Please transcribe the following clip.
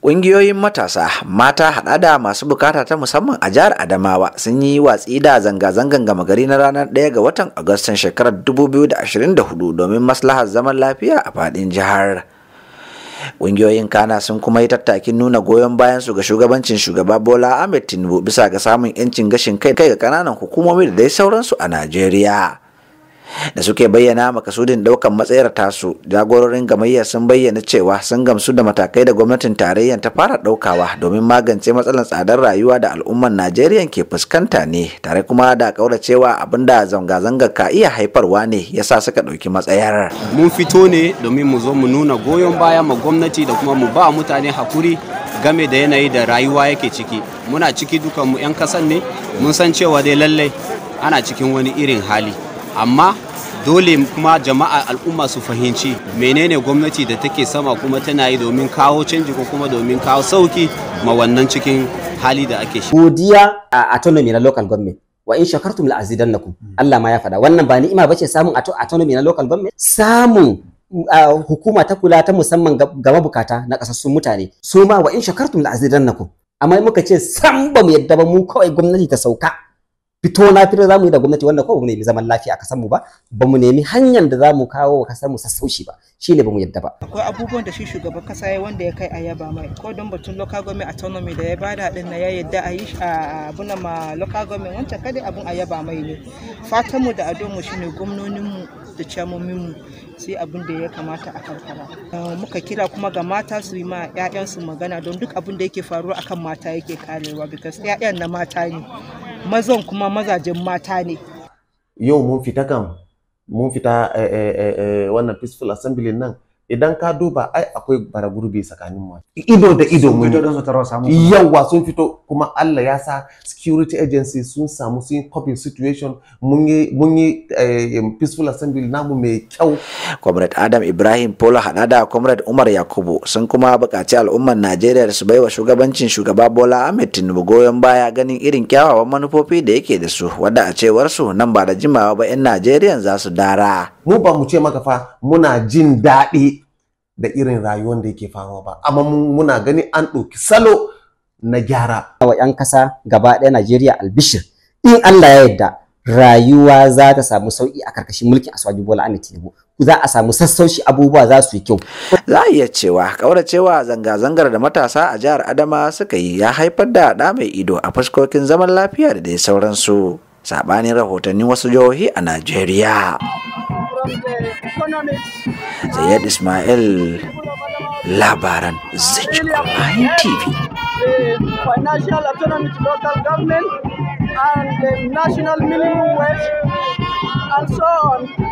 Ƙungiyoyin matasa, mata haɗa da masu bukata ta musamman a jihar Adamawa sun yi watsi da zanga-zangan gama gari na ranar 1 ga watan Agustan shekarar 2024 domin maslahar zaman lafiya a faɗin jihar. Ƙungiyoyin kana sun kuma yi tattakin nuna goyon bayan su ga shugabancin shugaba Bola Ahmed Tinubu bisa ga samun 'yancin gashin kai ga ƙananan hukumomi da dai sauransu a Najeriya. da suke bayyana makasudin daukan matsayar tasu jagororin gamayya sun bayyana cewa sun gamsu da matakai da gwamnatin tarayya ta fara daukawa domin magance matsalar tsadar rayuwa da al'ummar najeriya ke fuskanta ne tare kuma da kauracewa abin da zanga-zanga ka iya haifarwa ne yasa suka ɗauki matsayar mun fito ne domin mu zo mu nuna goyon baya ma gwamnati da kuma mu ba mutane hakuri game da yanayi da rayuwa yake ciki muna ciki dukanmu 'yan kasan ne mun san cewa dai lallai ana cikin wani irin hali amma dole kuma jama'a al'umma su fahimci menene gwamnati da take sama kuma tana yi domin kawo canji ko kuma domin kawo sauki ma wannan cikin hali da ake shi godiya a autonomy na local government wa in shakartum la azidannakum Allah ma ya faɗa wannan ba ni'ima bace samun autonomy na local government samun hukuma ta kula ta musamman ga mabukata na kasassun mutane su ma wa in shakartum la azidannakum amma muka ce san ba mu yadda ba mu kawai gwamnati ta sauka fito na fito zamu yi da gwamnati wanda ko ne nemi zaman lafiya a kasar mu ba mu nemi hanyar da zamu kawo wa kasar mu sassauci ba shine mu yadda ba akwai abubuwan da shi shugaban kasa ya wanda ya kai a yaba mai ko don batun local government autonomy da ya bada din na ya yadda a yi a abuna ma local government wancan kada abun a yaba mai ne fatan mu da adon mu shine gwamnonin mu da camomin mu sai abun da ya kamata a karkara eh, muka kira kuma ga mata su yi ma 'ya'yansu magana don duk abun da yake faruwa akan mata yake karewa because ƴaƴan na mata ne mazan kuma mazajen mata ne yau mun fita kan mun fita eh, eh, eh, wannan peaceful assembly nan idan ka duba ai akwai baragurbi tsakanin mu ido da ido mu ido su tarawa samu yawa sun fito kuma Allah ya sa security agency sun samu sun copy situation mun yi mun yi eh, peaceful assembly namu mai kyau comrade Adam Ibrahim Pola hada da comrade Umar Yakubu sun kuma buƙaci al'ummar Najeriya su baiwa shugabancin shugaba Bola Ahmed Tinubu goyon baya ganin irin kyawawan manufofi da yake da su wanda a cewar su nan ba da jimawa ba 'yan Najeriya za su dara mu ba mu ce maka fa muna jin daɗi da irin rayuwar da yake faruwa ba amma muna gani an ɗauki salo na gyara wa 'yan kasa gaba ɗaya Najeriya albishir in Allah ya yadda rayuwa za ta samu sauki a karkashin mulkin Aswaju Bola Ahmed Tinubu za a samu sassauci abubuwa za su yi kyau za a iya cewa kauracewa zanga-zangar da matasa a jihar Adama suka yi ya haifar da ɗa mai ido a fuskokin zaman lafiya da dai sauransu sabanin rahotannin wasu jihohi a Najeriya. Zayyad Ismail labaran Zich Online TV. Financial autonomy to local government and the national minimum wage and so on.